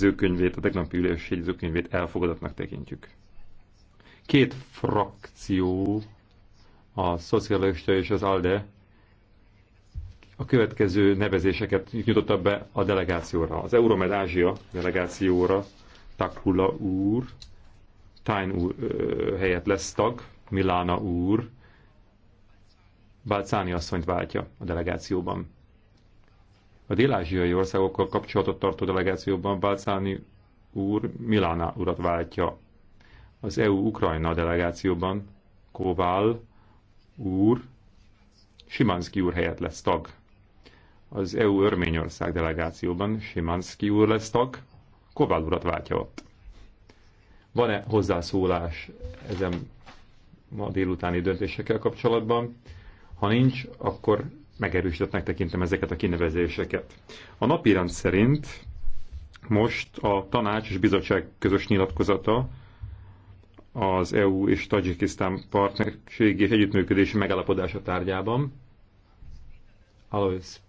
jegyzőkönyvét, a tegnapi ülés jegyzőkönyvét elfogadatnak tekintjük. Két frakció, a szocialista és az ALDE a következő nevezéseket nyitotta be a delegációra. Az Euromed Ázsia delegációra Takula úr, Tain úr helyett lesz tag, Milána úr, Balcáni asszonyt váltja a delegációban. A dél-ázsiai országokkal kapcsolatot tartó delegációban Balcáni úr Milána urat váltja. Az EU-Ukrajna delegációban Kovál úr Simanski úr helyett lesz tag. Az EU-Örményország delegációban Simanski úr lesz tag, Kovál urat váltja ott. Van-e hozzászólás ezen ma délutáni döntésekkel kapcsolatban? Ha nincs, akkor megerősítettnek tekintem ezeket a kinevezéseket. A rend szerint most a tanács és bizottság közös nyilatkozata az EU és Tajikisztán partnerség és együttműködési megállapodása tárgyában. Alois